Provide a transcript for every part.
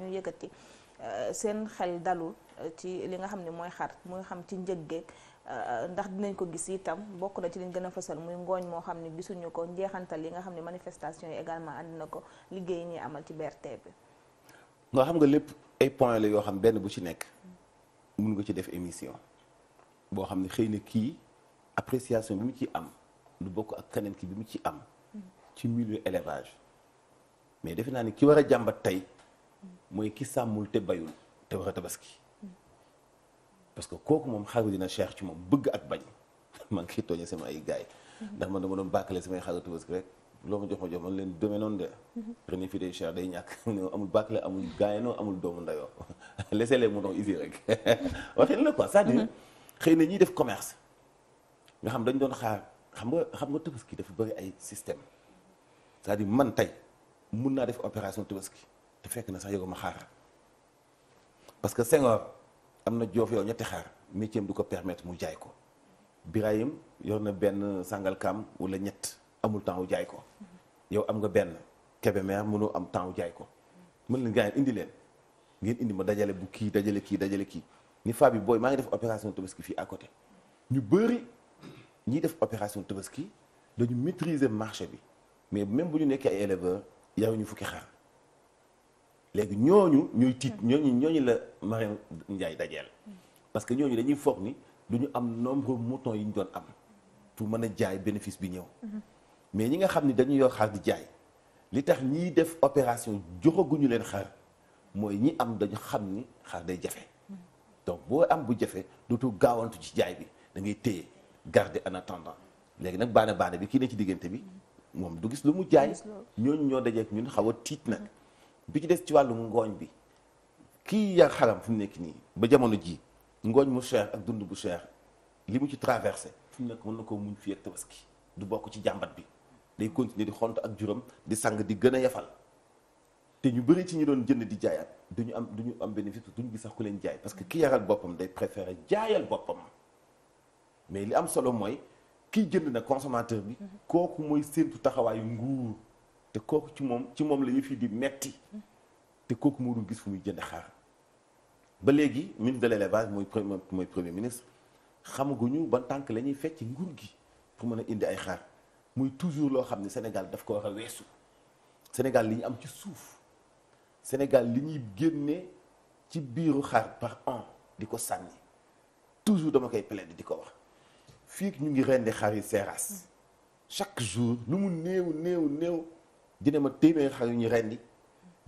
ñu yëkkati euh, seen xel dalul euh, ci li nga xam ne mooy xar muy xam ci njëg geeg euh, ndax dinañ ko gis itam bokk na ci liñ gën a fësal muy ngooñ moo xam ne gisuñu ko njeexantal li nga xam ne manifestation yi également ànd na ko liggéey yi ñuy amal ci BRT bi. nga xam nga lépp ay point la yoo xam benn bu ci nekk mun nga ci def émission boo xam ne xëy na kii appréciation bi mu ci am lu bokk ak keneen ki bi mu ci am mm-hmm. ci milieu élevage mais defe naa ni ki war a jàmbat tey mooy kii sàmmul te bayul te war a tabaski parce que kooku moom xaru dina cher ci moom bëgg ak bañ man ngi koy tooñee sama ay gars yi ndax man dama doon bàkkale samay xaru tabaski rek loo ma jox ma jox man leen demee de ren fii day cher day ñàkk amul bàkkale amul gaayanoo amul doomu ndayoo laissez-les moutons ici rek waxin la quoi cest xëy na ñiy def commerce nga xam dañ doon xaar xam nga xam nga tabaski dafa bëri ay système cest à man tey mun naa def opération tabaski te fekk na sax yëguma xaar parce que Senghor am na joof yow ñetti xaar métier du ko permettre mu jaay ko Birahim yor na benn sangal sàngalkaam wala ñett amul temps wu jaay ko yow am nga benn Kébémer mënoo am temps wu jaay ko mën leen gars indi leen ngeen indi ma dajale bu kii dajale kii dajale kii ni faa bi booy maa ngi def opération tabaski fii à côté ñu bëri ñiy def opération tabaski dañu maîtriser marché bi mais même bu ñu nekkee ay éleveurs yaruñu fukki xaar léegi ñooñu ñooy tiit ñooñu ñooñu la Mariam Ndiaye dajeel parce que ñooñu dañuy foog ni du ñu am nombre mouton yi ñu doon am pour mën a jaay bénéfice bi ñëw mais ñi nga xam ne dañu yor xar di jaay li tax ñiy def opération joxaguñu leen xar mooy ñi am dañu xam ni xar day jafe donc boo am bu jafe dootu gaawantu ci jaay bi da ngay téye garde en attendant léegi nag baane baane bi kii ne ci diggante bi moom du gis lu mu jaay ñooñu ñoo dajeek ñun xaw a tiit nag bi ci des ci wàllu ngooñ bi kii yar xalam fu mu nekk nii ba jamono jii ngooñ mu cher ak dund bu cher li mu ci traversé fu mu nekk mën na koo muñ fii ak tabaski du bokk ci jàmbat bi day continuer di xont ak juróom di sang di gën a yafal te ñu bëri ci ñu doon jënd di jaayaat ñu am duñu am bénéfice duñu gis sax ku leen jaay parce que ki yaral boppam day préférer jaayal boppam mais li am solo mooy kiy jënd na consommateur bi mhm. kooku mooy séentu taxawaayu nguur te kooku ci moom ci moom la ñu fi di metti te kooku moo dul gis fu muy jënd xaar ba léegi ministre de l' élevage mooy premier mooy premier ministre xamaguñu ban tànk lañuy ñuy fecc nguur gi pour mën a indi ay xaar muy toujours loo xam ne Sénégal daf ko war a weesu Sénégal li ñu am ci suuf Sénégal li ñuy génne ci biiru xaar par an di ko sànni toujours dama koy plaider di ko wax fii ñu ngi rend xar yi seeraas chaque jour lu mu néew néew néew dina ma téeméer xar yu ñu rendi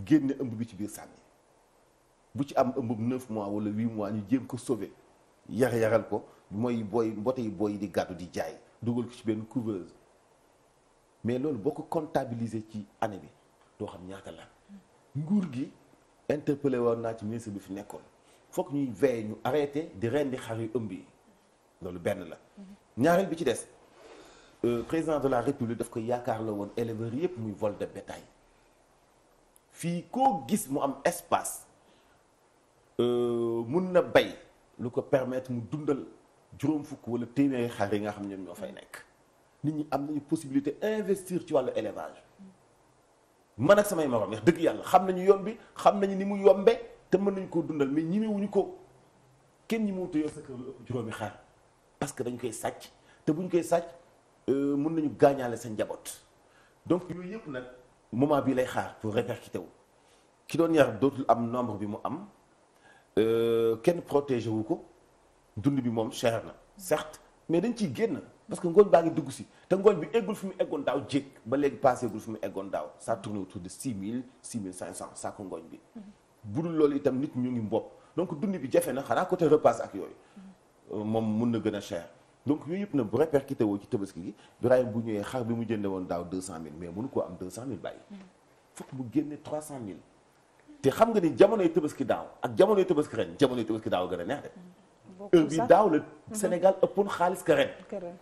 génne ëmb bi ci biir sànni bu ci am ëmb bu neuf mois wala huit mois ñu jéem ko sauver yar-yaral ko mooy booy mbote yi booy di gàddu di jaay dugal ko ci benn couveuse mais loolu boo ko comptabiliser ci année bi doo xam ñaata la nguur gi interpellé woon naa ci ministre bi fi nekkoon foog ñuy veille ñu arrêté di rendi xar yu ëmb yi loolu benn la mhm. ñaareel bi ci des Euh, président de la république daf ko yaakaar la woon éleveurs yëpp muy vol de fii koo gis mu am espace euh, mun na bay lu ko permettre mu dundal juróom fukk wala téeméeri xar yi nga xam ñoom ñoo fay mm. nekk nit ñi am nañu possibilité investir ci wàllu élevage man ak samay morom wax dëgg yàlla xam nañu yoon bi xam nañu ni mu yombe te mën nañu koo dundal mais ñimewuñu ko kenn ñi mu wutoo sa kër lu ëpp juróomi xar parce que dañ koy sàcc te buñ koy sàcc Euh, mun nañu gaañaale sa njaboot donc yooyu yëpp nag moment bii lay xaar pour répercuter wu ki doon yar dootul am nombre bi mu am euh, kenn protégé wu ko dund bi moom cher na certes mais dañ ci génn parce que ngooñ baa ngi dugg si te ngooñ bi eggul fi mu eggoon daaw jéeg ba léegi passé gul fi mu eggoon daaw ça tourne autour de 6 000 cinq cent saako ngooñ bi budul loolu itam nit ñu ngi mbopp donc dund bi jafe na xanaa côté repas ak yooyu euh, moom mun na gën a cher donc yooyu yëpp na bu répercuté ci tabaski gi Birahim bu ñëwee xar bi mu jënde woon daaw 200000 mais mënu koo am 200000 bàyyi. Mm. fokk mu génne 300000. te xam nga ni jamonoy tabaski daaw ak jamonoy tabaski ren jamonoy tabaski daaw gën a neex de. Mm. heure bi daaw la mm-hmm. Sénégal ëppoon xaalis ka ren.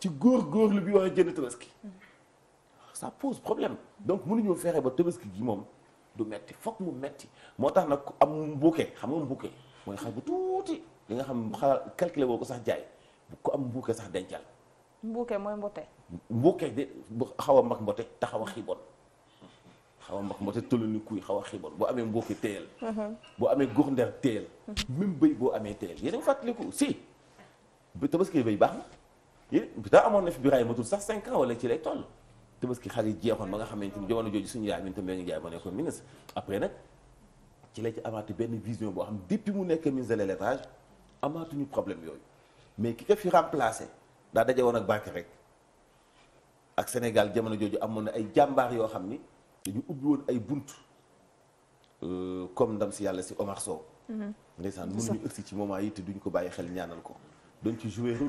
ci góor-góorlu bi war a jënd tabaski. Mm-hmm. ça pose problème donc mënuñoo fexe ba tabaski gi moom du metti fokk mu metti moo tax nag am mbuuke xam nga mbuuke mooy xar bu tuuti li nga xam xalaat calculé ko sax jaay. ku am mbuuke sax dencal. mbuuke mooy mbote. mbuuke de bu xaw a mag mbote te xaw a xiibon xaw a mag mbote tollu ni kuy xaw a xiibon boo amee mbuuke téyel. Mhm. boo amee góor ndel téyel. Mhm. même bëy boo amee téyel yéen a ngi fàttaliku si. tabaski bëy baax na yéen daa amoon na fi biraay matul sax 5 wala ci lay toll. tabaski xar yi jeexoon ba xamante ni jamono jooju suñu yaay Aminata Mbengue Ndiaye moo nekkoon ministre après ci la ci amaati benn vision boo xam depuis mu nekk ministre de l'élevage amaatuñu problème yooyu. mais ki ko fi remplacé daa daje woon ak Bakary rek ak Sénégal jamono jooju amoon na ay jàmbaar yoo xam ni dañu ubbi woon ay bunt euh, comme ndam si yàlla si Omar Sow. Mm-hmm. ndeysaan mënuñu ëgsi ci moment yi te duñ ko bàyyi xel ñaanal ko doon ci jouer